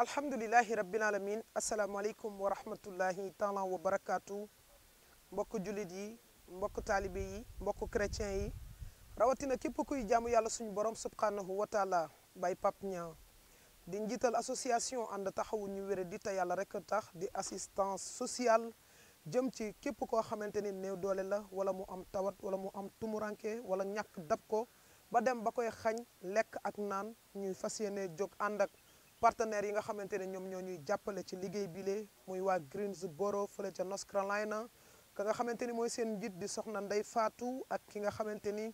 alhamdulilahi rabbil alamin asalaamaaleykum wa rahmatullahi taala wa barakaatu mbokk jullit yi mbokk taalibe yi mbokk chrétien yi rawatina képp kuy jaamu yàlla suñu borom subhanahu wa taala bay pap ña di njiital association ànd taxawul ñu wére di te yàlla rek tax di assistance sociale jëm ci képp koo xamante ni néew doole la wala mu am tawat wala mu am tumuranke wala ñàkk dab ko ba dem ba koy xañ lekk ak naan ñuy fas yéene jóg ànd ak partenaires yi nga xamante ne ñoom ñoo ñuy jàppale ci liggéey bi bile muy waa Greensboro fële ca North Carolina ka nga xamante ni mooy seen njiit di soxna Ndey Faatu ak nga xamante ni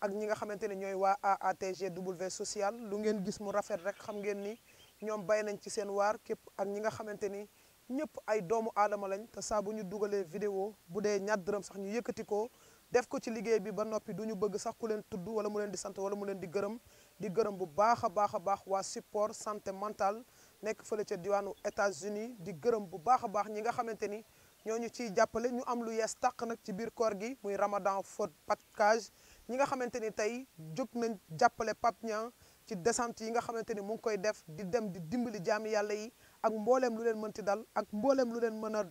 ak ñi nga xamante ni ñooy waa AATGW social lu ngeen gis mu rafet rek xam ngeen ni ñoom bay nañ ci seen waar képp ak ñi nga xamante ni ñëpp ay doomu aadama lañ te saa bu ñu dugalee vidéo bu dee ñaat dërëm sax ñu yëkkati ko def ko ci liggéey bi ba noppi du ñu bëgg sax ku leen tudd wala mu leen di sant wala mu leen di gërëm di gërëm bu baax a baax a baax waa support santé mantale nekk fële ca diwaanu États-Unis di gërëm bu baax a baax ñi nga xamante ni ñoo ñu ciy jàppale ñu am lu yees tàq nag ci biir koor gi muy Ramadan Fod Package ñi nga xamante ni tey jóg nañ jàppale Pape ci descente yi nga xamante ni mu ngi koy def di dem di dimbali jaami yàlla yi ak mbooleem lu leen mën ti dal ak mbooleem lu leen mën a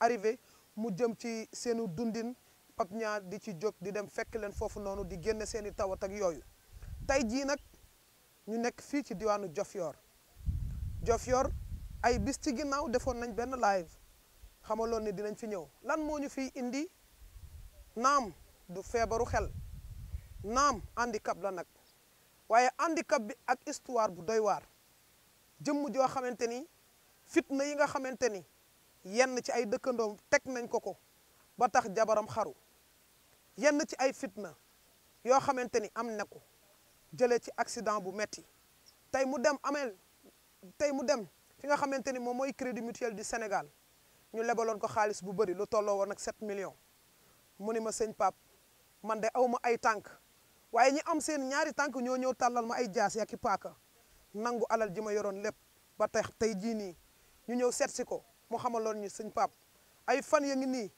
arrivé mu jëm ci seeni dundin Pape Niang di ci jóg di dem fekk leen foofu noonu di génne seeni tawat ak yooyu tey jii nag ñu nekk fii ci diwaanu Diofior Diofior ay bis ci ginnaaw defoon nañ benn live xamaloon ni dinañ fi ñëw lan moo ñu fiy indi naam du feebaru xel naam handicap la nag waaye handicap bi ak histoire bu doy waar jëmm joo xamante ni fitna yi nga xamante ni yenn ci ay dëkkandoom teg nañ ko ko ba tax jabaram xaru yenn ci ay fitna yoo xamante ni am na ko jëlee ci accident bu metti tay mu dem amel tay mu dem fi nga xamanteni mom moy crédit mutuel du Sénégal ñu lebalon ko xaalis bu bëri lu tolloo won ak 7 millions mu ma sëñ pap man de aw ay tank waye ñi am seen ñaari tank ñoo ñëw talal ma ay jaas yak paaka nangu alal jima yoron lepp ba tax tay ji ni ñu ñew seet ko mu xamalon ñu sëñ pap ay fan ya ngi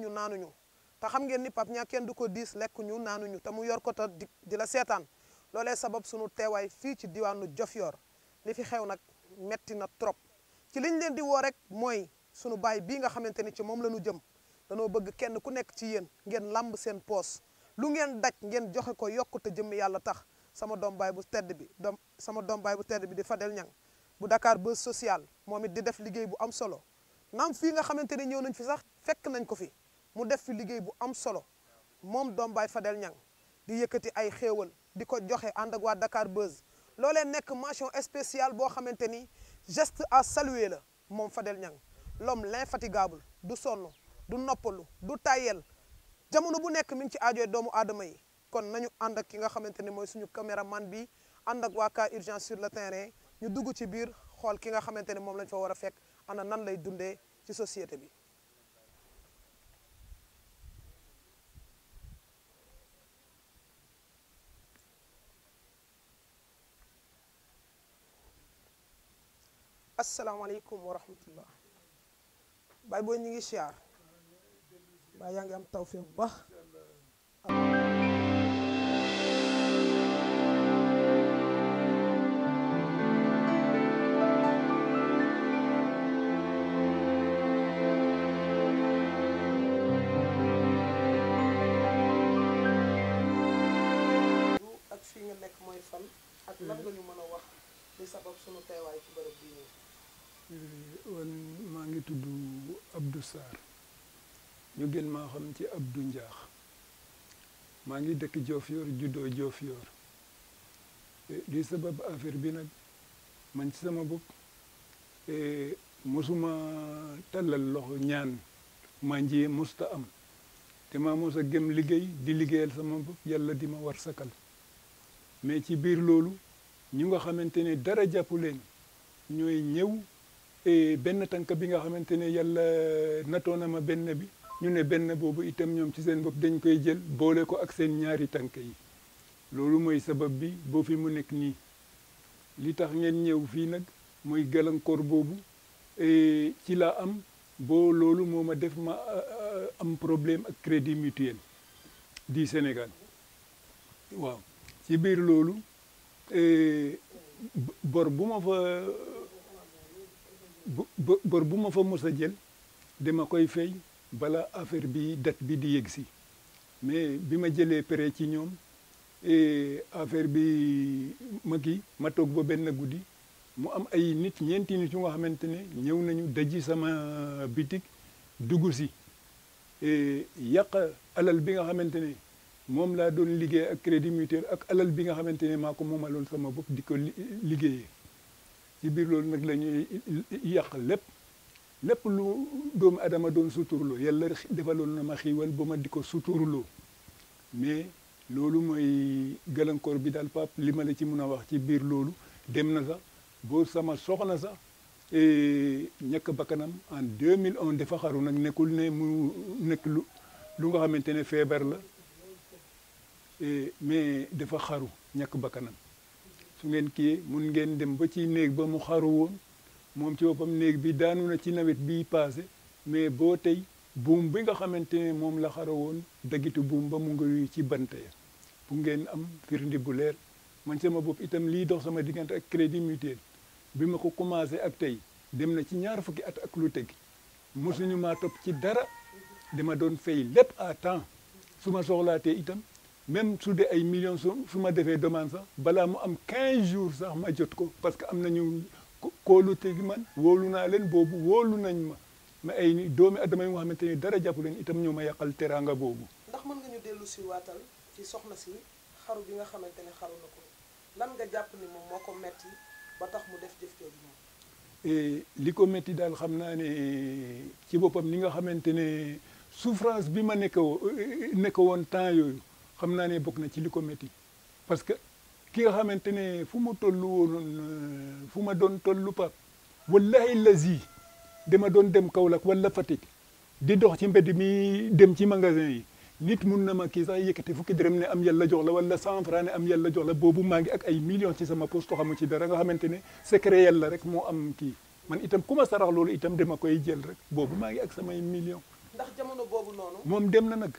ñu nanu ñu ta xam ngeen ni pap ñaa du ko ñu nanu ñu ta mu yor ko ta di la loole sabab sunu teewaay fii ci diwaanu Diofior li fi xew nag metti na trop ci liñ leen di woo rek mooy sunu baay bii nga xamante ni ci moom la ñu jëm danoo bëgg kenn ku nekk ci yéen ngeen làmb seen poos lu ngeen daj ngeen joxe ko yokk te jëmm yàlla tax sama doom baay bu tedd bi doom sama doom baay bu tedd bi di Fadel Niang bu dakaar Buzz Social moom it di def liggéey bu am solo naam fii nga xamante ni ñëw nañ fi sax fekk nañ ko fi mu def fi liggéey bu am solo moom doom baay Fadel di yëkkati ay xéewal diko joxe and ak wa Dakar Buzz lolé nek mention spéciale bo xamanteni geste à saluer la mom Fadel ñang l'homme l'infatigable du sonn du noppalu du tayel jamono bu nek mi ci aajo doomu aadama yi kon nañu and ak ki nga xamanteni moy suñu cameraman bi and ak wa ka urgence sur le terrain ñu dugg ci bir xol ki nga xamanteni mom lañ fa wara fek ana nan lay dundé ci société bi asalaamaaleykum wa rahmatullah baay booy ñu ngi siyaar baay yaa ngi am tawféex bu baax ak lan nga ñu mën a wax li sabab sunu teewaay ci bërëb bii nii wan eh, maa ngi tudd Abdou Sarr ñu gën maa xam ci Abdou Ndiakh maa ngi dëkk Diofior juddoo Diofior eh, di sabab affaire bi nag man ci sama bopp eh, mosuma tàllal loxo ñaan ma njiyee mosta am te maa mos a gëm liggéey di liggéeyal sama bopp yàlla di ma war sakal mais ci biir loolu ñu nga xamante ne dara jàpp leen ñooy ñëw benn tànk bi nga xamante ne yàlla natoo na ma benn bi ñu ne benn boobu itam ñoom ci seen bopp dañ koy jël boole ko ak seen ñaari tànk yi loolu mooy sabab bi boo fi mu nekk nii li tax ngeen ñëw fii nag mooy gàllankoor boobu ci laa am boo loolu moo ma def ma am problème ak crédit mutuel di Sénégal waaw ci biir loolu bor bu ma fa bu bor bu ma fa mos a jël di ma koy fay bala affaire bi date bi di yegg si mais bi ma jëlee prêt ci ñoom eh, affaire bi ma kii ma toog ba benn guddi mu am ay nit ñeenti nit yu nga xamante ne ñëw nañu daji sama bitig dugg si eh, yàq alal bi nga xamante ne moom laa doon liggéey ak crédit mutuel ak alal bi nga xamante ne maa ko moomaloon sama bopp di ko liggéeye ci biir loolu nag la ñuy yàq lépp lépp lu doomu adama doon suturloo yàlla defaloon na ma xiiwal ba ma di ko suturloo mais loolu mooy gàllankoor bi daal pap li ma la ci mun a wax ci biir loolu dem na sax boo sama soxna sax e, ñàkk bakkanam en mille 2001 dafa xaru nag nekkul ne mu nekk lu lu nga xamante ne feebar la e, mais dafa xaru ñàkk bakkanam su ngeen kii mun ngeen dem ba ci néeg ba mu xaru woon moom ci boppam néeg bi daanu na ci nawet bii paase mais boo tey buum bi nga xamante ne moom la xara woon dagitu buum ba mu ngi ci bante ya bu ngeen am firndi bu leer man sama bopp itam lii dox sama diggante ak crédit mutuel bi ma ko commencé ak tey dem na ci ñaar fukki at ak lu teg mosuñu maa topp ci dara dama doon fay lépp à temps su ma soxlaatee itam même su dee ay millions su ma defee demande sax balaa mu am 15 jours sax ma jot ko parce que am nañu kóolute gi man woolu naa leen boobu woolu nañ ma mais ay ni doomi adama yi nga xamante ni dara jàpp leen itam ñoo ma yàqal teraanga boobu. ndax mën nga dellu si waatal ci soxna si xaru bi nga xamante ne xaru lan nga jàpp ni moom moo ko metti ba tax mu def jëf jooju moom. li ko metti daal xam naa ne ci boppam ni nga xamante ne souffrance bi ma nekk woon nekk woon temps yooyu. xam naa ne bokk na ci li ko métti parce que ki nga xamante ne fu mu toll woon euh, fu ma doon tollu pa wallahi lazi dama doon dem Kaolack wala Fatick di dox ci mbedd mi dem ci magasin yi nit mun na ma kii sax yëkkati fukki dërëm ne am yàlla jox la wala cent franc ne am yàlla jox la boobu maa ngi ak ay millions ci sama poste xamu ci dara nga xamante ne secret yàlla rek moo am kii man itam ku ma sarax loolu itam dama koy jël rek bobu maa ngi ak samay millions. ndax jamono boobu noonu. moom dem na nag.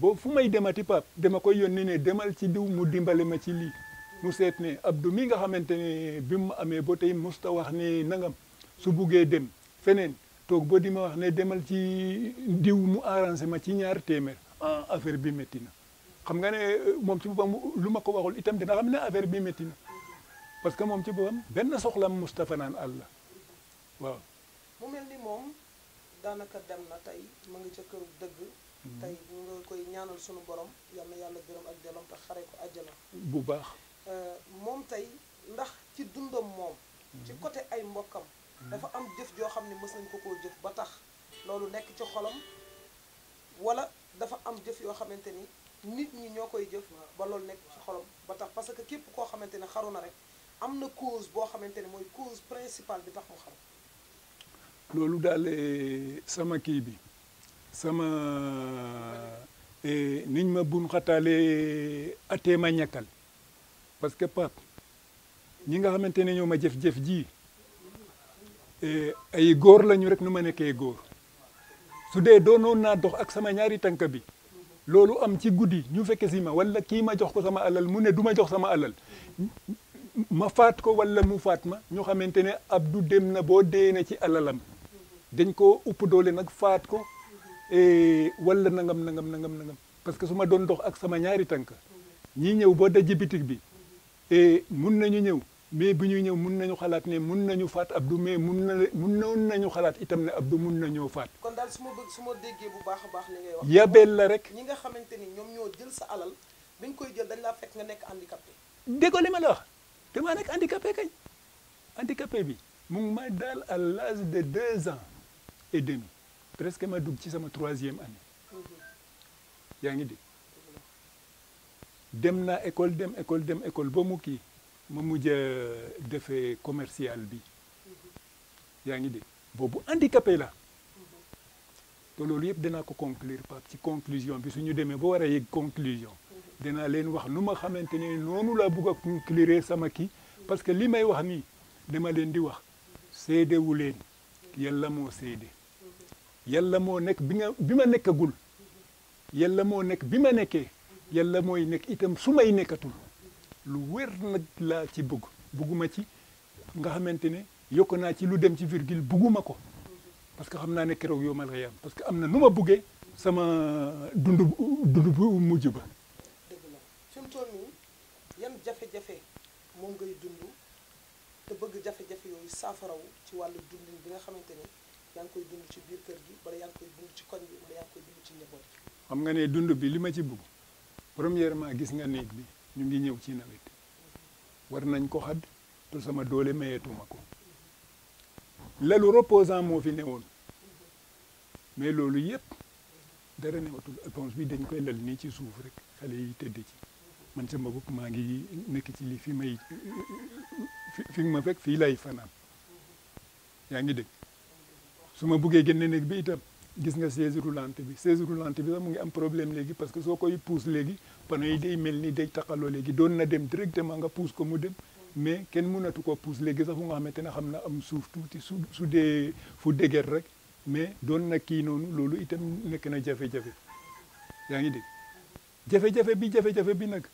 boo fu may demati pap dama koy yónni ne demal ci diw mu dimbali ma ci lii mu seet ne Abdou mi nga xamante ne bi mu amee ba tey musta wax ne nangam su buggee dem feneen toog ba di ma wax ne demal ci diw mu arrangé ma ci ñaar téeméer ah affaire bi métti na xam nga ne euh, moom ci boppam lu ma ko waxul itam dina xam ne affaire bi métti na parce que moom ci boppam benn soxla Moustapha naan àlla waaw. mu mel ni moom daanaka dem na tey mu ngi ca kër dëgg. Mhm. tey bu nga koy ñaanal sunu borom yal yàlla gërëm ak jëlam te xare ko àjjana bu baax euh, moom tey ndax ci dundam moom mhm. ci côté ay mbokkam mhm. dafa am jëf joo xam ne mës nañ ko koo jëf ba tax loolu nekk ci xolam wala dafa am jëf yoo xamante ni nit ñi ñoo koy jëf ba loolu nekk ci xolam ba tax parce que képp koo xamante ne xaru na rek am na cause boo xamante ne mooy cause principal bi tax mu xam loolu daal eh, sama kii bi sama e, niñ ma bun xataale atee ma ñàkkal parce que pap ñi nga xamante ne ñoo ma jëf-jëf ji e, ay góor lañu rek nu ma nekkee góor su dee doonoon naa dox ak sama ñaari tànk bi loolu am ci guddi ñu fekke si ma wala kii ma jox ko sama alal mu ne du ma jox sama alal ma faat ko wala mu faat ma ñu xamante ne ab du dem na boo dee na ci alalam dañ ko upp doole nag faat ko Eh, wala nangam nangam nangam nangam parce que su ma doon dox ak sama ñaari tànk ñii ñëw boo dajji bitig bi et eh, mun nañu ñëw mais bu ñuy ñëw mun nañu xalaat ne mun nañu faat Abdou mais mun na mun nañu xalaat itam ne Abdou mun nañoo faat. kon daal su ma bëgg su bu baax a baax li yabeel la rek. ñi nga xamante ni ñoom ñoo jël sa alal dañ koy jël dañ laa fekk nga nekk handicapé. déggoo li ma la wax damaa nekk handicapé kañ handicapé bi mu ngi daal à l'âge de deux ans et presque ma dugg ci sama troisième année yaa ngi dégg dem na école dem école dem école ba mu kii ma mujj defee commercial bi yaa ngi dégg boobu handicapé la te loolu yëpp na ko conclure Pape ci conclusion bi suñu ñu demee ba war a conclusion danaa leen wax nu ma xamante ne noonu laa bugg a conclure sama kii parce que li may wax nii dama leen di wax les. leen yàlla moo séede yàlla moo nekk bi nga bi ma nekkagul yàlla moo nekk bi ma nekkee yàlla mooy nekk itam su may nekkatul lu wér nag laa ci bugg bugguma ci nga xamante ne yokk naa ci lu dem ci virgule bugguma ko parce que xam naa ne keroog yow mal xiyaam parce que am na nu ma buggee sama dund dund bu mujj ba. dëgg la fi mu yan jafe-jafe moom ngay dund te bëgg jafe-jafe yooyu saafaraw ci wàll dundin bi nga xamante ne yaa ngi koy xam nga ne dund bi li ma ci bugg premièrement gis nga néeg bi ñu ngi ñëw ci nawet war nañ ko xadd te sama doole mayeetuma ko lalu reposant moo fi newoon mais loolu yëpp dara newatul éponge bi dañ koy lal nii ci suuf rek xale yi tëdd ci man sama bopp maa ngi nekk ci li fi may ma fekk fii lay fanaan yaa ngi dégg su ma buggee génne néeg bi itam gis nga chaise roulante bi chaise roulante bi sax mu ngi am problème léegi parce que soo koy pousse léegi pano yi day mel ni day taqaloo léegi doon na dem directement nga pousse ko mu dem mais kenn mënatu ko pousse léegi sax fu nga xamante ne xam na am suuf tuuti su su dee fu déger rek mais doon na kii noonu loolu itam nekk na jafe-jafe yaa ngi dégg jafe-jafe bi jafe-jafe bi nag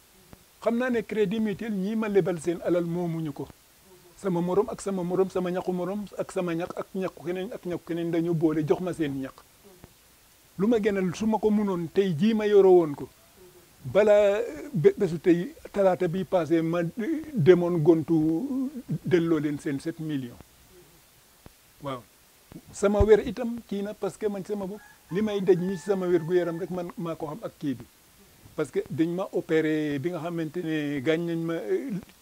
xam naa ne crédit mutuel ñii ma lebal seen alal moomuñu ko sama moroom ak sama moroom sama ñaqu moroom ak sama ñaq ak ñaqu keneen ak ñaqu keneen dañu boole jox ma seen ñaq lu ma gënal su ma ko mënoon tey jii ma yoro woon ko balaa bésu tey talaata bi passé ma demoon gontu delloo leen seen sept million waaw sama wer itam kii na parce que man sama bopp li may daj ñi sama wér gu yaram rek man maa ko xam ak kii bi parce que dañ ma opéré bi nga xamante ne gaañ nañ ma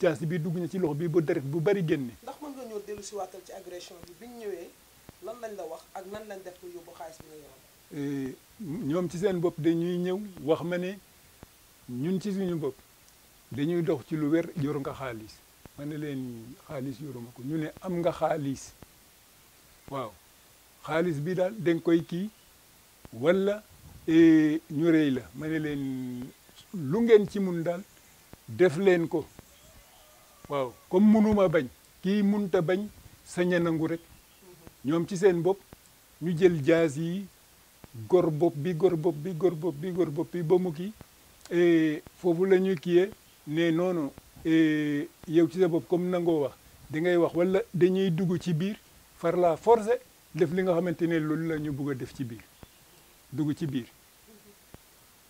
jaas euh, bi dugg na ci loxo bi ba deret bu bari génne. ndax mën nga ñëw dellu si ci agression bi bi ñu ñëwee lan lañ la wax ak nan lañ def ko yóbbu xaalis bi nga euh, ñoom ci seen bopp dañuy ñëw wax ma ne ñun ci suñu bopp dañuy dox ci lu wér yoru nga xaalis ma ne leen xaalis yoruma ko ñu ne am nga xaalis waaw xaalis bi daal da nga koy kii walla. E ñu rey la ma ne leen lu ngeen ci mun daal def leen ko waaw comme munuma bañ kii munta bañ sañ nangu rek ñoom ci seen bopp ñu jël jaas yi gor bopp bi gor bopp bi gor bopp bi gor bopp bi ba mu kii e foofu la ñuy kiyee ne noonu e yow ci sa bopp comme nangoo wax da ngay wax wala dañuy dugg ci biir far la forcé def li nga xamante ne loolu la ñu bugg a def ci biir dugg ci biir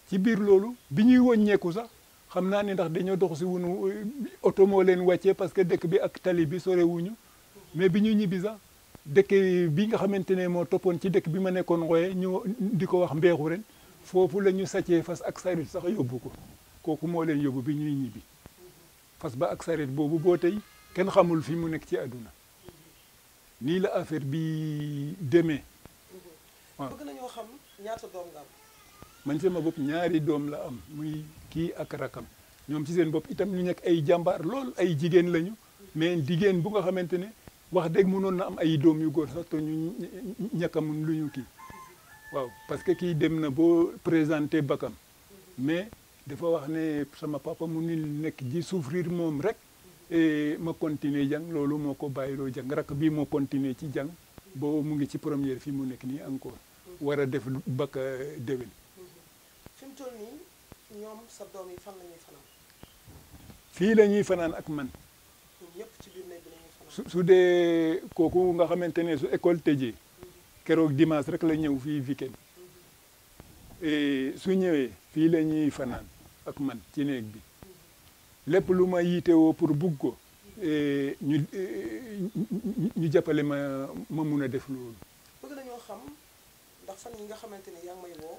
ci biir loolu bi ñuy wàññeeku sax xam naa ni ndax dañoo dox si wunu oto moo leen wàccee parce que dëkk bi ak tali bi sorewuñu mais bi ñuy ñibbi sax dëkk bi nga xamante ne moo toppoon ci dëkk bi ma nekkoon ngooye ñu di ko wax mbeexu ren foofu la ñu sàccee fas ak sarit sax yóbbu ko kooku moo leen yóbbu bi ñuy ñibbi fas ba ak sarit boobu boo tey kenn xamul fi mu nekk ci àdduna nii la affaire bi demee waaw xam ñaata doom man sama bopp ñaari doom la am muy kii ak rakam ñoom ci seen bopp itam ñu nekk ay jàmbaar lool ay jigéen lañu mais jigéen bu nga xamante ne wax dëgg munoon na am ay doom yu góor sax te ñu ñàkk amun lu ñu kii waaw parce que kii dem na boo présenté bakkam mais dafa wax ne sama papa mu ngi nekk ji souffrir moom rek et ma continuer jàng loolu moo ko bàyyiloo jang rak bii moo continuer ci jàng boo mu ngi ci première fii mu nekk nii encore war a def bakk déwén mu ñoom sa doom yi fan la la ñuy fanaan ak man. ñëpp ci su dee kooku nga xamante ne su école tëjee. keroog dimanche rek la ñëw fii weekend e, su ñëwee fii la ñuy fanaan ak man ci néeg bi lépp lu ma yiitewoo pour bugg ko e, e, ñu ñu jàppale ma ma mun a def loolu. bëgg nañoo xam ndax fan yi nga xamante ne yaa may woo.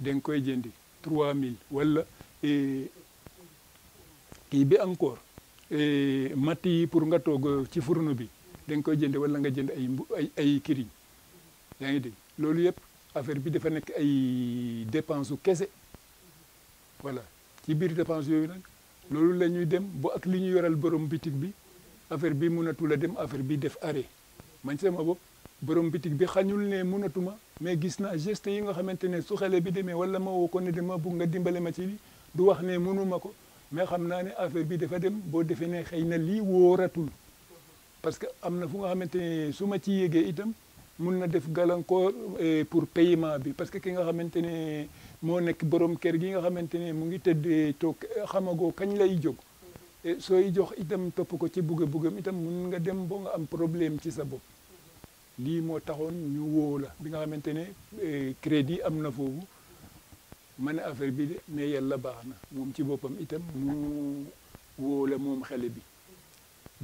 danga nga koy jëndi 3000 wala eh, kii bi encore eh, matt yi pour nga toog ci fourneau bi da nga koy jënd wala nga jënd ay ay ay kiriñ yaa ngi dégg loolu yëpp affaire bi dafa nekk ay dépense su kese voilà ci biir dépense yooyu nag loolu lañuy dem ba ak li ñuy yoral borom bitig bi affaire bi munatul a dem affaire bi def arrêt man sama bopp borom bitig bi xañul ne mënatuma mais gis naa geste yi nga xamante ne su xale bi demee wala ma woo ko ne dama bugg nga dimbale ma ci du wax ne mënuma ko mais xam naa ne affaire bi dafa dem boo defee ne xëy na lii wóoratul parce que am na fu nga xamante ne su ma ci yégee itam mun na def gàllankoor eh, pour paiement bi parce que ki nga xamante ne moo nekk borom kër gi nga xamante ne mu ngi tëdd toog eh, xamagoo kañ lay jóg eh, sooy jox itam topp ko ci bugge buggam itam mun nga dem boo nga am problème ci sa bopp lii moo taxoon ñu woo bi nga xamante crédit am na foofu affaire bi de yàlla baax na ci boppam itam mu woo la moom bi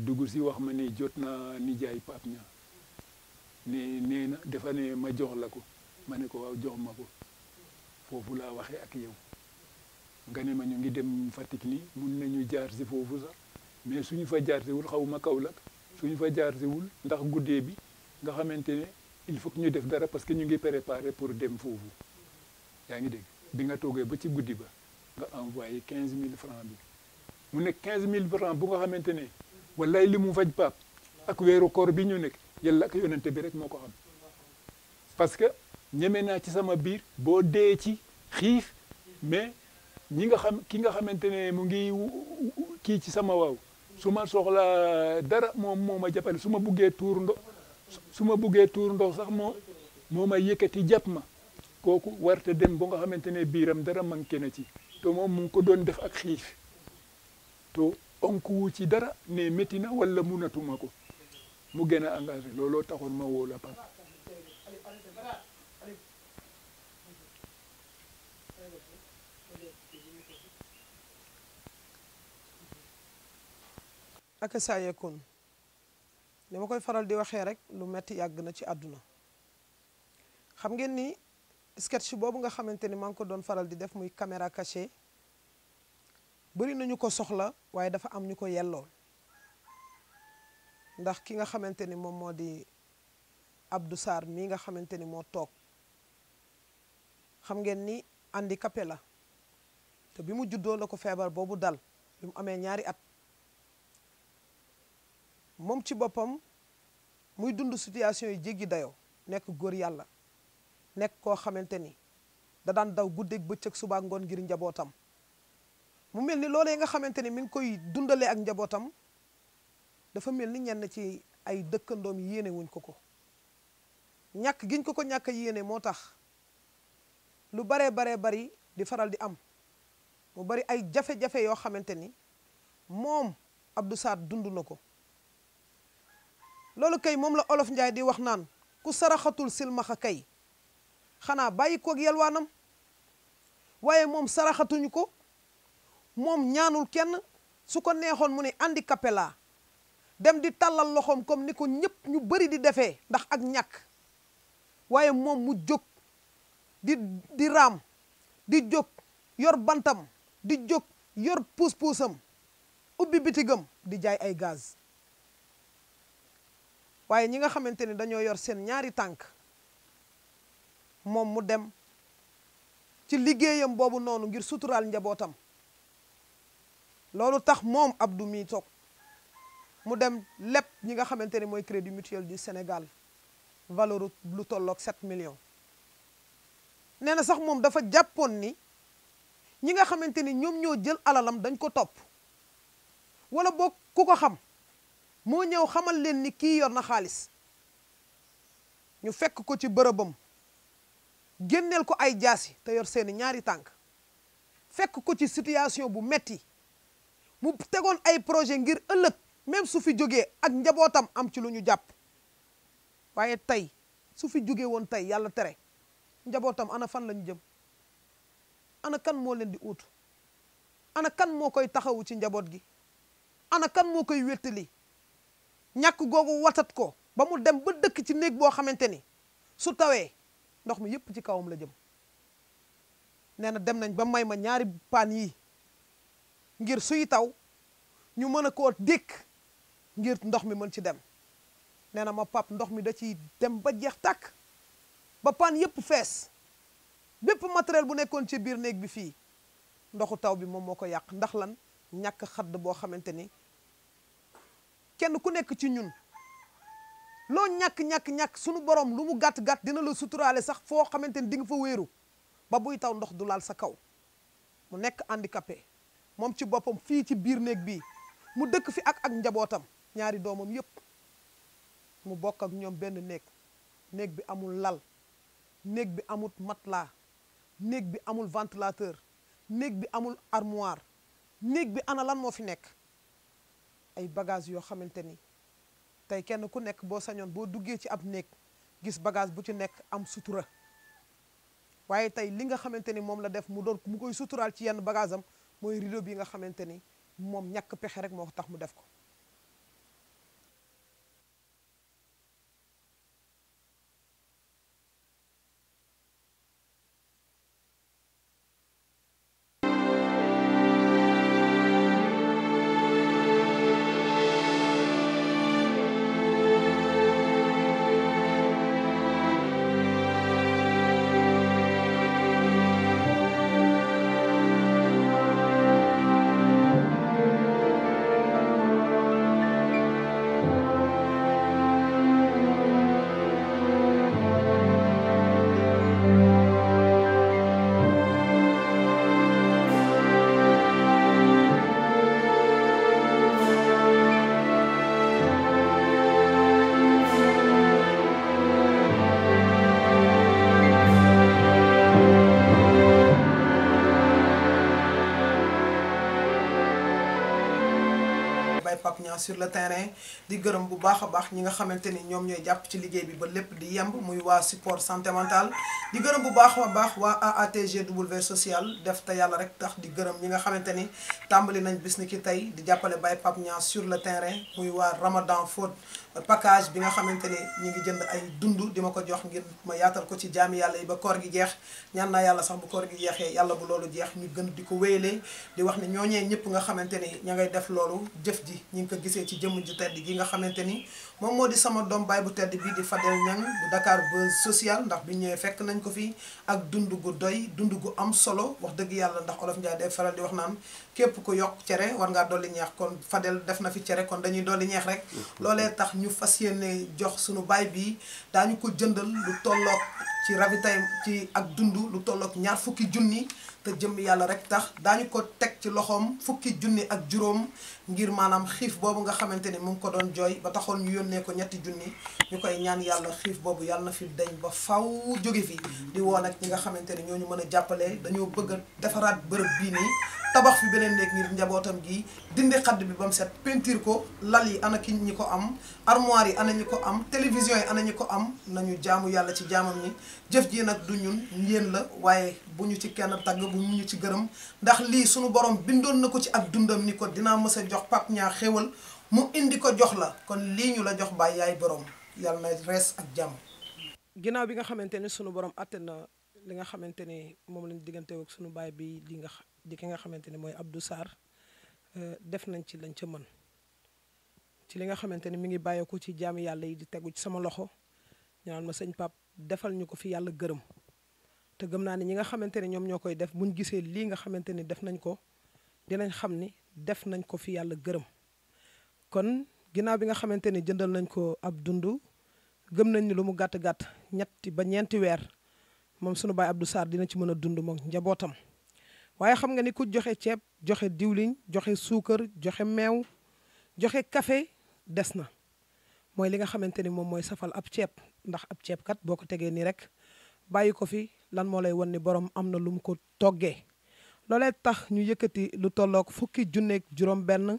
dugg si wax ma ne jot naa nijaay Pape Niang ne nee dafa ne ma jox la ko ma ko waaw jox ma ko foofu laa ak yow nga ne ma ñu ngi dem Fatick nii mun nañu jaar si foofu sax mais suñu fa jaar si wul xaw ma suñu fa jaar si wul ndax guddee bi nga xamante ne il faut que ñu def dara parce que ñu ngi préparé pour dem foofu yaa ngi dégg bi nga toogee ba ci guddi ba nga envoyé 15000 francs bi mu nekk 15000 francs bu nga xamante ne wallaay li mu faj paap ak weeru koor bi ñu nekk yàlla ak yonente bi rek moo ko xam parce que ñeme naa ci sama biir boo dee ci xiif mais ñi nga xam ki nga xamante ne mu ngi kii ci sama waaw su ma soxla dara moom moo ma jàppale su ma buggee tuur ndo su ma buggee tuur ndox sax moo moo may yëkkati jàpp ma kooku warte dem ba nga xamante ne biiram dara manqué na ci te moom mu ngi ko doon def ak xiif to onk wu ci dara ne métti na wala munatuma ko mu gën a engagé looloo taxoon ma woo la papa aka saa yekkoon ni ma koy faral di waxee rek lu metti yàgg na ci àdduna xam ngeen ni sketch boobu nga xamante ni maa ngi ko doon faral di def muy caméra cachée bëri nañu ko soxla waaye dafa am ñu ko yellool ndax ki nga xamante ni moom moo di Abdou Sarr mii nga xamante ni moo toog xam ngeen ni handicapé la te bi mu juddoo la ko feebar boobu dal bi mu amee ñaari at moom ci boppam muy dund situation yi jéggi dayoo nekk góor yàlla nekk koo xamante ni da daan daw guddeeg bëccëg suba ngoon ngir njabootam mu mel ni yi nga xamante ni mi ngi koy dundalee ak njabootam dafa mel ni ñenn ci ay dëkkandoom yéene wuñ ko ko ñàkk giñ ko ko ñàkk yéene moo tax lu baree baree bari di faral di am mu bari ay jafe-jafe yoo xamante ni moom Abdou Sarr dund na ko loolu kay moom la olof njaay di wax naan ku saraxatul silmaxa kay xanaa bàyyi koog yelwaanam waaye moom saraxatuñu ko moom ñaanul kenn su ko neexoon mu ne handicapé laa dem di tàllal loxoom comme ni ko ñëpp ñu bari di defee ndax ak ñàkk waaye moom mu jóg di di raam di jóg yor bantam di jóg yor puus-puusam ubbi bitigam di jaay ay gaz waaye ñi nga xamante ni dañoo yor seen ñaari tànk moom mu dem ci liggéeyam boobu noonu ngir suturaal njabootam loolu tax moom Abdou mi toog mu dem lépp ñi nga xamante ni mooy crédit mutuel du Sénégal valeur lu tolloog 7 millions nee na sax moom dafa jàppoon ni ñi nga xamante ni ñoom ñoo jël alalam dañ ko topp wala boog ku ko xam moo ñëw xamal leen ni kii yor na xaalis ñu fekk ko ci bërëbam génneel ko ay jaasi te yor seeni ñaari tànk fekk ko ci situation bu metti mu tegoon ay projet ngir ëllëg même su fi jógee ak njabootam am ci lu ñu jàpp waaye tey su fi jógee woon tey yàlla tere njabootam ana fan lañ ñu jëm ana kan moo leen di uutu ana kan moo koy taxawu ci njaboot gi ana kan moo koy wéttali ñàkk googu watat ko ba mu dem ba dëkk ci néeg boo xamante ni su tawee ndox mi yépp ci kawam la jëm nee na dem nañ ba may ma ñaari paan yi ngir suy taw ñu mën a ko dékk ngir ndox mi mën ci dem nee na ma pap ndox mi da ciy dem ba jeex tàkk ba paan yépp fees bépp matériel bu nekkoon ci biir néeg bi fii ndoxu taw bi moom moo ko yàq ndax lan ñàkk xadd boo xamante ni kenn ku nekk ci ñun loo ñàkk-ñàkk-ñàkk sunu borom lu mu gàtt-gàtt dina la suturaale sax foo xamante ni di nga fa wéeru ba buy taw ndox du laal sa kaw mu nekk handicapé moom ci boppam fii ci biir néeg bi mu dëkk fi ak ak njabootam ñaari doomam yépp mu bokk ak ñoom benn néeg néeg bi amul lal néeg bi amul matelas néeg bi amul ventilateur néeg bi amul armoir néeg bi ana lan moo fi nekk ay bagages yoo xamante ni tey kenn ku nekk boo sañoon boo duggee ci ab néeg gis bagage bu ci nekk am sutura waaye tey li nga xamante ni moom la def mu doon mu koy suturaal ci yenn bagage am mooy rideau bi nga xamante ni moom ñàkk pexe rek moo tax mu def ko Pape Niang sur le terrain di gërëm bu baax baax ñi nga xamante ni ñoom ñooy jàpp ci liggéey bi ba lépp di yemb muy waa support santé mentale di gërëm bu baax a baax waa a AATGW social def te yàlla rek tax di gërëm ñi nga xamante ni tàmbali nañ bis ni ki tey di jàppale Baye Pape Niang sur le terrain muy waa Ramadan Fod package bi nga xamante ne ñu ngi jënd ay dund di ma ko jox ngir ma yaatal ko ci jaami yàlla yi ba koor gi jeex ñaan naa yàlla sax bu koor gi jeexee yàlla bu loolu jeex ñu gën di ko wéyalee di wax ne ñooñee ñëpp nga xamante ne ña ngay def loolu jëf ji ñu ngi ko gisee ci jëmm ji tedd gi nga xamante ni moom moo di sama doom baay bu tedd bii di Fadel Niang bu Dakar Buzz Social ndax bi ñëwee fekk nañ ko fii ak dund gu doy dund gu am solo wax dëgg yàlla ndax olof Ndiaye day faral di wax naan képp ku yokk cere war ngaa dolli ñeex kon Fadel def na fi cere kon dañuy dolli ñeex rek mm-hmm. loolee tax ñu fas yéene jox suñu baay bi daañu ko jëndal lu tolloog ci ravitaay ci ak dund lu tollook ñaar fukki junni te jëm yàlla rek tax daañu ko teg ci loxoom fukki junni ak juróom ngir maanaam xiif boobu nga xamante ni mu ngi ko doon jooy ba taxoon ñu yónnee ko ñetti junni ñu koy ñaan yàlla xiif boobu yàlla na fi dañ ba faw jóge fi di woo nag ñi nga xamante ni ñooñu mën a jàppale dañoo bëgg defaraat bërëb bii nii tabax beneen néeg ngir njabootam gi dindi xadd bi ba mu set peinture ko lal yi ana ki ñi ko am armoire yi ana ñi ko am télévision yi ana ñi ko am nañu jaamu yàlla ci jaamam ñi jëf ji nag du ñun yéen la waaye bu ñu ci kenn tagg bu ñu ci gërëm ndax lii suñu borom bindoon na ko ci ak dundam ni ko dinaa mës a jox jox pap mu indi ko jox la kon lii ñu la jox baay yaay borom yàlla na jàmm. ginnaaw bi nga xamante ne sunu borom atte li nga xamante ni moom lañ diggante ak baay bi di di ki nga xamante ne mooy Abdou Sarr euh, def nañ ci lañ ca mën ci li nga xamante ni mu ngi bàyyeeku ci jaami yàlla yi di tegu ci sama loxo ñu ma sëñ pap defal ñu ko fi yàlla gërëm. te gëm naa ne ñi nga xamante ne ñoom ñoo koy def buñ gisee lii nga xamante ni def nañ ko dinañ xam ni def nañ ko fi yàlla gërëm kon ginnaaw bi nga xamante ni jëndal nañ ko ab dund gëm nañ ni lu mu gàtt-gàtt ñetti ba ñeenti weer moom sunu baay Abdou Sarr dina ci mën a dund moom njabootam waaye xam nga ni ku joxe ceeb joxe diwliñ joxe suukar joxe meew joxe kafe des na mooy li nga xamante ni moom mooy safal ab ceeb ndax ab ceeb kat boo ko tegee nii rek bàyyi ko fi lan moo lay wan ni borom am na lu mu ko toggee loolee tax ñu yëkkati lu tollook fukki junneeg juróom-benn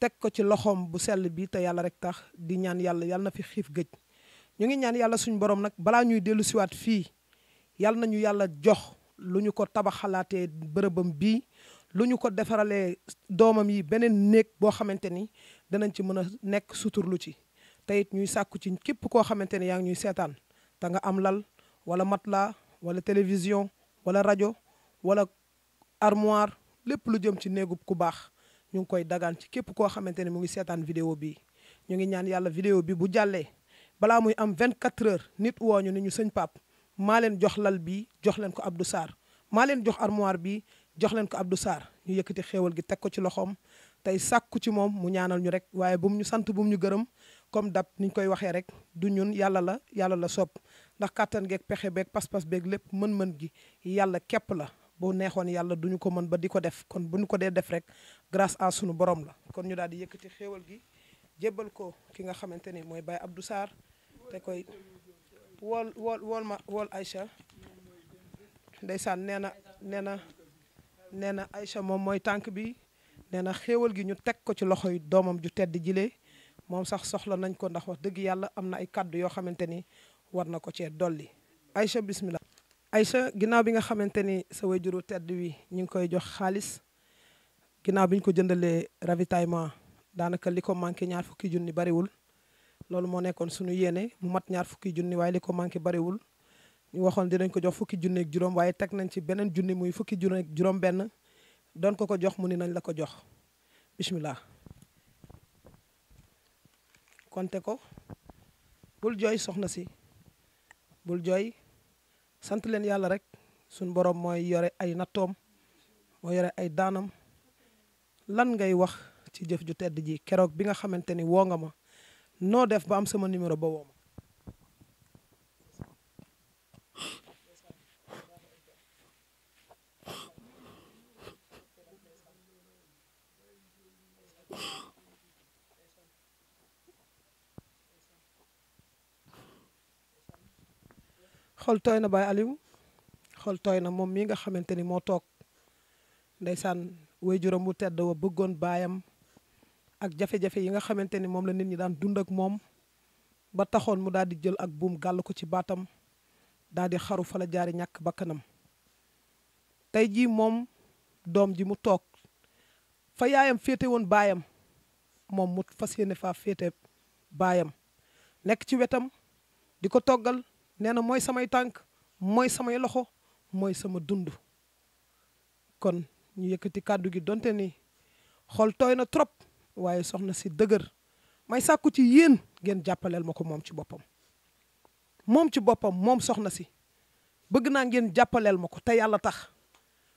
teg ko ci loxoom bu sell bi te yàlla rek tax di ñaan yàlla yàlla na fi xiif gëj ñu ngi ñaan yàlla suñu borom nag balaa ñuy dellu siwaat fii yàlla nañu yàlla jox lu ñu ko tabax xalaatee bërëbam bii lu ñu ko defaralee doomam yi beneen néeg boo xamante ni danañ ci mën a nekk suturlu ci te it ñuy sàkku ci képp koo xamante ni yaa ngi ñuy seetaan te nga am lal wala matelas wala télévision wala armoire lepp lu jëm ci néegub ku baax ñu ngi koy dagan ci képp koo xamanteni mu ngi seetaan vidéo bi ñu ngi ñaan yàlla vidéo bi bu jàllee balaa muy am 24 heures nit wooñu ni ñu sëñ pap maa leen jox lal bi jox leen ko Abdou sar maa leen jox armoire bi jox leen ko Abdou sar ñu yëkkati xéewal gi teg ko ci loxom tey sàkku ci moom mu ñaanal ñu rek waaye bu mu ñu sant bu mu ñu gërëm comme dab niñ koy waxee rek du ñun yàlla la yàlla la sopp ndax kàttan geeg pexe beeg pas-pas beeg lépp mën-mën gi yàlla képp la bu neexoon yàlla duñu ko mën ba di ko def kon bu ñu ko dee def rek grâce à sunu borom la kon ñu daal di yëkkati xéewal gi jébbal ko ki nga xamante ni mooy Baye Abdou Sarr te koy wool wool wool ma wool Aïcha ndeysaan nee na nee na nee na Aïcha moom mooy tànk bi nee na xéewal gi ñu teg ko ci loxoy doomam ju tedd jile moom sax soxla nañ ko ndax wax dëgg yàlla am na ay kàddu yoo xamante ni war na ko cee dolli Aïcha bismillah ay Aïcha ginnaaw bi nga xamante ni sa wajuru tedd wi ñu ngi koy jox xaalis ginnaaw bi ñu ko jëndalee ravitaillement daanaka li ko manqué ñaar fukki junni bariwul loolu moo nekkoon suñu yéene mu mat ñaar fukki junni waaye li ko manqué bariwul ñu waxoon dinañ ko jox fukki junni ak juróom waaye teg nañ ci beneen junni muy fukki junni ak juróom benn doon ko ko jox mu ni nañ la ko jox bismillah konte ko bul jooy soxna si bul jooy sant leen yàlla rek suñ borom mooy yore ay nattoom mooy yore ay daanam lan ngay wax ci jëf ju tedd ji keroog bi nga xamante ni woo nga ma noo def ba am sama numéro ba woo xol tooy na Baye xol tooy na moom mii nga xamante ni moo toog ndeysaan way juróom wu tedd bëggoon baayam ak jafe-jafe yi nga xamante ni moom la nit ñi daan dund ak moom ba taxoon mu daal di jël ak buum gàll ko ci baatam daldi xaru fa la jaari ñàkk bakkanam tey jii moom doom ji mu toog fa yaayam féete woon baayam moom mu fas yéene faa féete baayam nekk ci wetam di ko toggal nee na mooy samay tànk mooy samay loxo mooy sama dund kon ñu yëkkati kàddu gi donte ni xol tooy na trop waaye soxna si dëgër may sàkku ci yéen ngeen jàppaleel ma ko moom ci boppam moom ci boppam moom soxna si bëgg naa ngeen jàppaleel ma ko te yàlla tax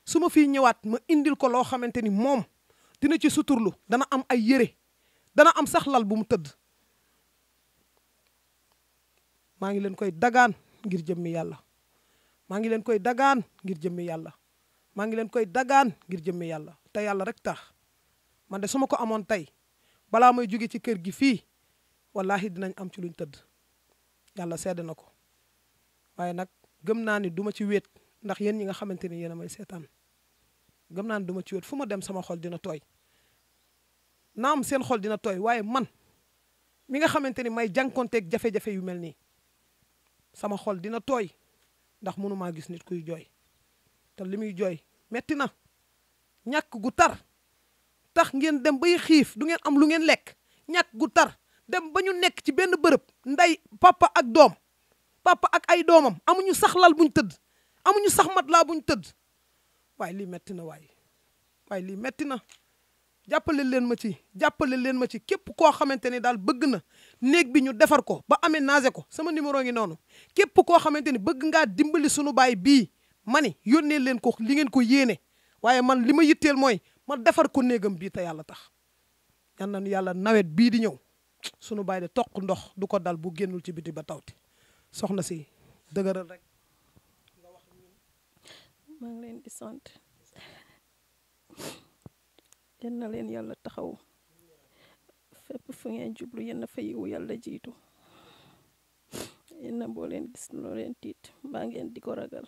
su ma fiy ñëwaat ma indil ko loo xamante ni moom dina ci suturlu dana am ay yére dana am sax lal bu mu tëdd maa ngi leen koy dagaan ngir jëmmi yàlla maa ngi leen koy dagaan ngir jëmmi yàlla maa ngi leen koy dagaan ngir jëmmi yàlla te yàlla rek tax man de su ma ko amoon tey balaa may jóge ci kër gi fii wallahi dinañ am ci luñ tëdd yàlla sedd na ko waaye nag gëm naa ni du ci wéet ndax yéen ñi nga xamante ni yéen a may seetaan gëm naa ni du ma ci wéet fu ma dem sama xol dina tooy naam seen xol dina tooy waaye man mi nga xamante ni may jànkonteeg jafe-jafe yu mel nii sama xol dina tooy ndax mënumaa gis nit kuy jooy te li muy jooy metti na ñàkk gu tar tax ngeen dem bay xiif du ngeen am lu ngeen lekk ñàkk gu tar dem ba ñu nekk ci benn bërëb nday papa ak doom papa ak ay doomam amuñu sax lal buñ tëdd amuñu sax mat laa buñ tëdd waaye lii metti na waaye waaye lii metti na jàppale leen ma ci jàppale leen ma ci képp koo xamante ni daal bëgg na néeg bi ñu defar ko ba aménagé ko sama numéro ngi noonu képp koo xamante ni bëgg ngaa dimbali sunu baay bii ma ni yónnee leen ko li ngeen ko yéene waaye man li ma yitteel mooy ma defar ko néegam bii te yàlla tax ñaan nañu yàlla nawet bii di ñëw sunu baay toq ndox du ko dal bu génnul ci biti ba tawti soxna si dëgëral rekk nga yal na leen yàlla taxaw fépp fu ngeen jublu yenn na fa yiwu yàlla jiitu yal boo leen gis loo leen tiit mbaa ngeen di ko ragal.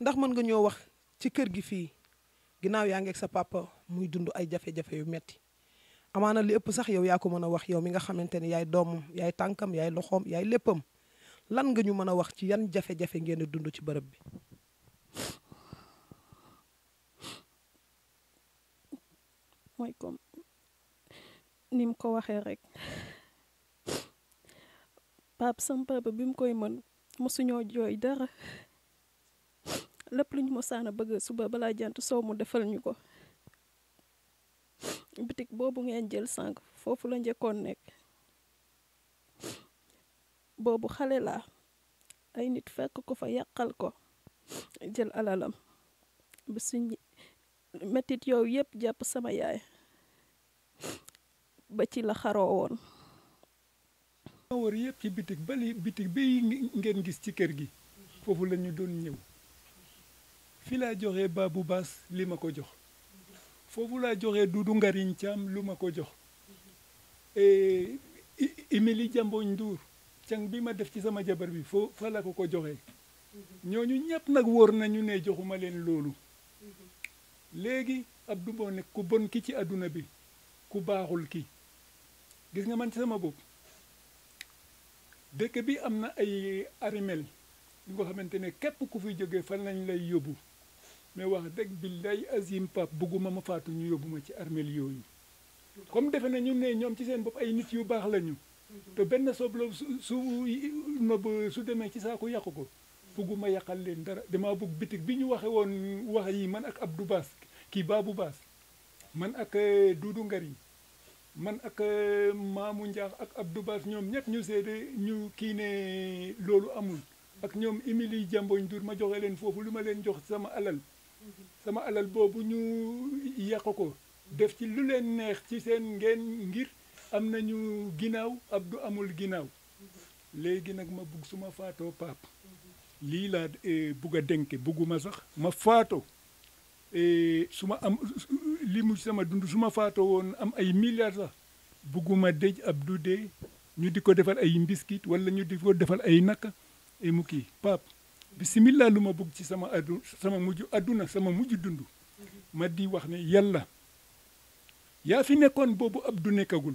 ndax mën nga ñoo wax ci kër gi fii ginnaaw yaa ngi ak sa papa muy dund ay jafe-jafe yu metti amaana li ëpp sax yow yaa ko mën a wax yow mi nga xamante ne yaay doomam yaay tànkam yaay loxoom yaay léppam lan nga ñu mën a wax ci yan jafe-jafe ngeen di dund ci bërëb bi. mooy comme ni mu ko waxee rek pap sam papa bi mu koy mën mosuñoo jooy dara lépp lu ñu mosaan bëgg suba balaa jant soo mu defal ñu ko bitik boobu ngeen jël sànq foofu la njëkkoon nekk boobu xale laa ay nit fekk ko fa yàqal ko jël alalam bi suñ metit yow yëpp jàpp sama yaay ba ci la xaroo woon ma war yëpp ci bitig bali bitig bi ngeen gis ci kër gi foofu la ñu doon ñëw fi laa joxe Babou baas li ma ko jox foofu laa joxee Dudu Ngariñ Caam lu ma ko jox Émilie e, Jamboñ Nduur càng bi ma def ci sama jabar bi foo fa la ko ko joxee ñooñu ñëpp nag woor nañu ne joxuma leen loolu léegi Abdou moo nekk ku bon ki ci àdduna bi ku baaxul ki gis nga man ci sama bopp dëkk bi am na ay arimel yu nga xamante ne képp ku fi jógee fan lañ lay yóbbu mais wax dëgg billaay azim pap bëgguma ma faatu ñu yóbbu ci armel yooyu comme defe na ñun ne ñoom ci seen bopp ay nit yu baax lañu te benn soble su su nob su demee ci saako yàqu ko bugguma yàqal leen dara damaa bëgg bitig bi ñu waxe woon wax yi man ak ab du Bass kii Babou Baas man ak euh, Doudou Ngari man ak euh, Mamou Ndiakh ak Abdou Baas ñoom ñett ñu seede ñu kii ne loolu amul ak ñoom Émilie Jamboñ Ndour ma joxe leen foofu lu ma leen jox sama alal sama alal boobu ñu yàq ko def ci lu leen neex ci seen ngeen ngir am nañu ginnaaw Abdou amul ginnaaw léegi nag ma bugg suma faatoo paap lii laa euh, bugg a dénke bugguma sax ma faatoo Eh, su ma am li mu sama dund su ma faatoo woon am ay milliards sax bugguma dëj ab dudee ñu di ko defal ay mbiskit wala ñu di ko defal ay naka et mu kii pap bisimilla lu ma bugg ci sama addu sama mujj adduna sama mujj dund ma di wax ne yàlla yaa fi nekkoon boobu ab du nekkagul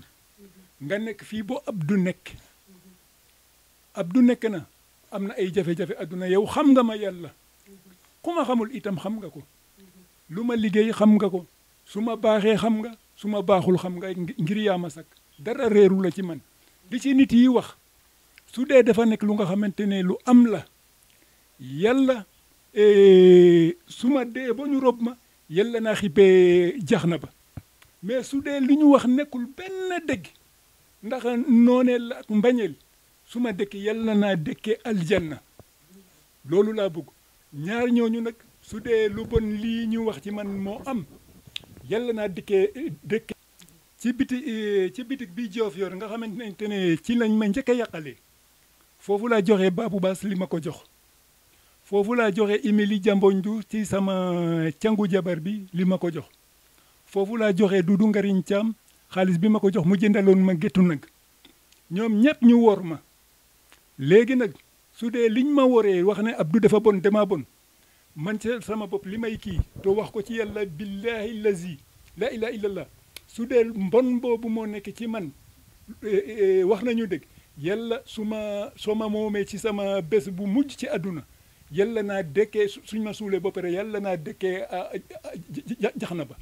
nga nekk fii boo ab du nekk ab du nekk na am na ay jafe-jafe adduna yow xam nga ma yàlla ku ma xamul itam xam nga ko lu ma liggéey xam nga ko su ma baaxee xam nga su ma baaxul xam nga ngir yaa ma sakk dara réeru la ci man li ci nit yi wax su dee dafa nekk lu nga xamante ne lu am la yàlla eh, su ma dee ba ñu rob ma yàlla naa xippee jax na ba mais su dee li ñu wax nekkul benn dëgg ndax nooneel la ak mbañeel su ma dëkk yàlla naa dëkkee aljanna loolu laa bëgg ñaar ñooñu nag sude lu bon li ñu wax ci man mo am yalla na dikke dëkk ci biti ci bitik bi jof yor nga xamantene ci lañ ma njëkk lima fofu la laa joxe baabu baas li mako jox fofu la joxe ci sama ciangu jabar bi li mako jox fofu la joxe dudu ngariñ caam xaliss bi mako jox mu jëndalon ma gettu nak ñom ñepp ñu wor ma léegi nak sude liñ ma woré wax né Abdou dafa bon dama bon man ci sama bopp li may kii te wax ko ci yàlla billahi lazi la ilaha la su dee mbon boobu moo nekk ci man e, e, wax nañu dëgg yàlla su ma soo ma moomee ci sama bés bu mujj ci àdduna yàlla naa dëkkee suñ ma suulee ba pare yàlla naa dëkkee jax na ba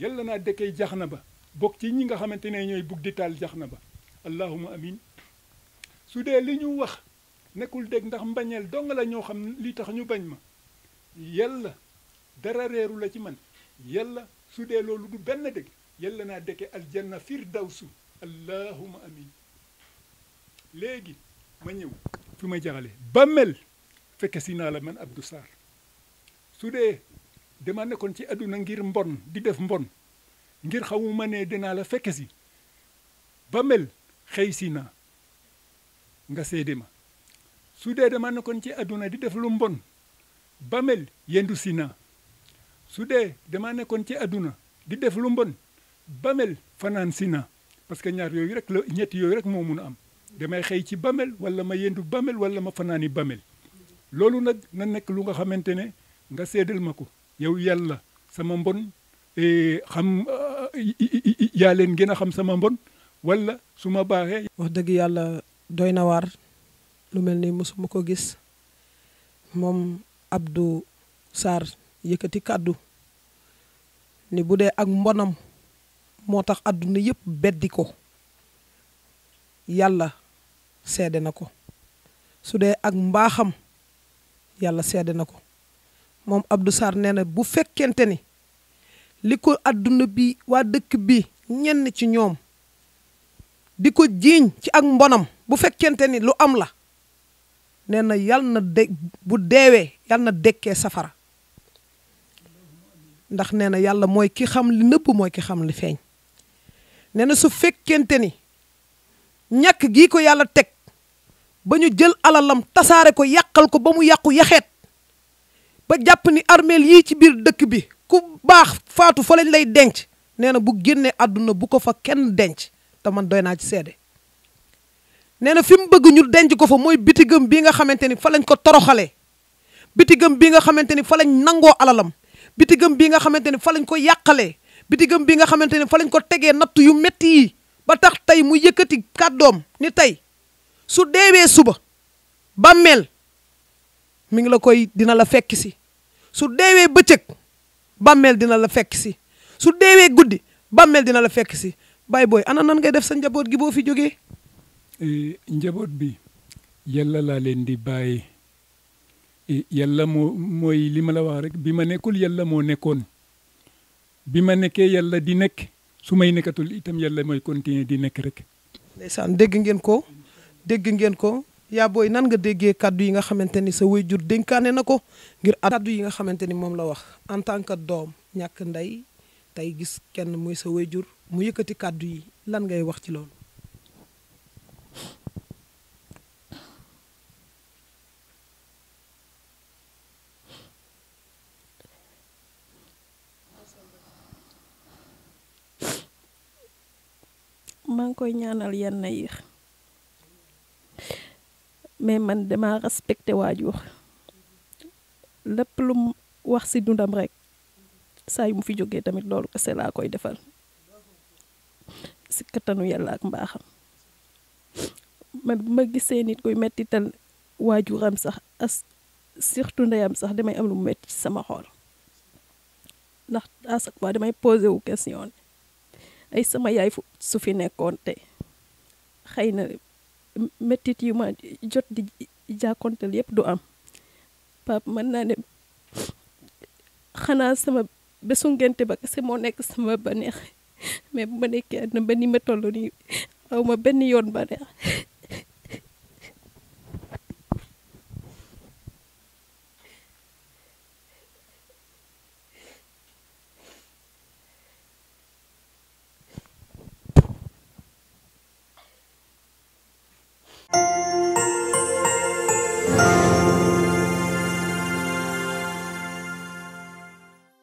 yàlla naa dëkkee jax na ba bokk ci ñi nga xamante ne ñooy bugg di taal jax na ba allahuma amin su dee li ñu wax nekkul dëgg ndax mbañeel dong la ñoo xam li tax ñu bañ ma yàlla dara reeru la ci man yàlla su dee loolu du benn dëgg yàlla naa dëkke aljanna firdawsu allahuma amin léegi ma ñëw fi ma jaxale bàmmel fekk si naa la man Abdou Sarr su dee dama nekkoon ci àdduna ngir mbon di def mbon ngir xamuma ne dinaa la fekk si bàmmel xëy si naa nga seede ma su dee dama nekkoon ci àdduna di def lu mbon bamel yendu si na su dee damaa nekkoon ci àdduna di def lu mbon bamel fanaan si na parce que ñaar yooyu rek la ñetti yooyu rek moo mën a am damay xëy ci bamel wala ma yendu bamel wala ma fanaani bamel loolu nag na nekk lu nga xamante ne nga seddal ma ko yow yàlla sama mbon eh, xam eh, yaa leen gën a xam sama mbon walla su ma baaxee. wax dëgg yàlla doy na waar lu mel ni mosuma ko gis moom. abdu sar yekati kaddu ni budé ak mbonam motax aduna àdduna yépp beddi ko yàlla seede na ko ak mbaxam yalla sédé nako mom abdu sar néna bu fekkente ni liko aduna bi wa dëkk bi ñenn ci ñom diko jiñ ci ak mbonam bu ni lu am la nee na yal na de bu deewee yal na dekkee safara ndax nee na yàlla mooy ki xam li nëpp mooy ki xam li feeñ nee na su fekkente ni ñàkk gii ko yàlla teg ba ñu jël alalam tasaare ko yàqal ko ba mu yàqu yaxeet ba jàpp ni armeel yii ci biir dëkk bi ku baax faatu fa lañ lay denc nee na bu génnee àdduna bu ko fa kenn denc taman doy naa ci seede nee na fi mu bëgg ñu denc ko fa mooy bitigam bii nga xamante ni fa lañ ko toroxalee bitigam bi nga xamante ni fa lañ nangoo alalam bitigam bii nga xamante ni fa lañ ko yàqalee bitigam bi nga xamante ni fa lañ ko tegee natt yu métti yi ba tax tey mu yëkkati kàddoom ni tey su deewee suba bàmmeel mi ngi la koy dina la fekk si su deewee bëccëg bàmmeel dina la fekk si su deewee guddi bàmmeel dina la fekki si bay booy ana nan ngay def sa njaboot gi boo fi jógee E, njaboot bi yàlla laa leen di bàyyi e, yàlla moo mooy li ma la wax rek bi ma nekkul yàlla moo nekkoon bi ma nekkee yàlla di nekk su may nekkatul itam yàlla mooy continuer di nekk rek. ndeysaan dégg ngeen ko dégg ngeen ko yaa booy nan nga déggee kàddu yi nga xamante ni sa waajur dénkaane na ko ngir at kàddu yi nga xamante ni moom la wax en tant que doom ñàkk ndey tey gis kenn muy sa jur mu yëkkati kàddu yi lan ngay wax ci loolu. maa ngi koy ñaanal yan na yéex mais man dama respecté waajur lépp lu mu wax ci dundam rek saa yu mu fi jógee tamit loolu kese laa koy defal ci kattanu yàlla ak mbaaxam man bu ma gisee nit kuy mettital waajuram sax as surtout ndeyam sax damay am lu mu metti ci sama xool ndax à chaque fois damay posé wu question ay sama yaay fu su fi nekkoon tey xëy na metit yu ma jot di jàkkonteel yëpp du am pap mën naa ne xanaa sama bésu ngénte ba kese moo nekk sama ba neex mais bu ma nekkee àdduna ba ni ma toll nii aw ma benn yoon baneex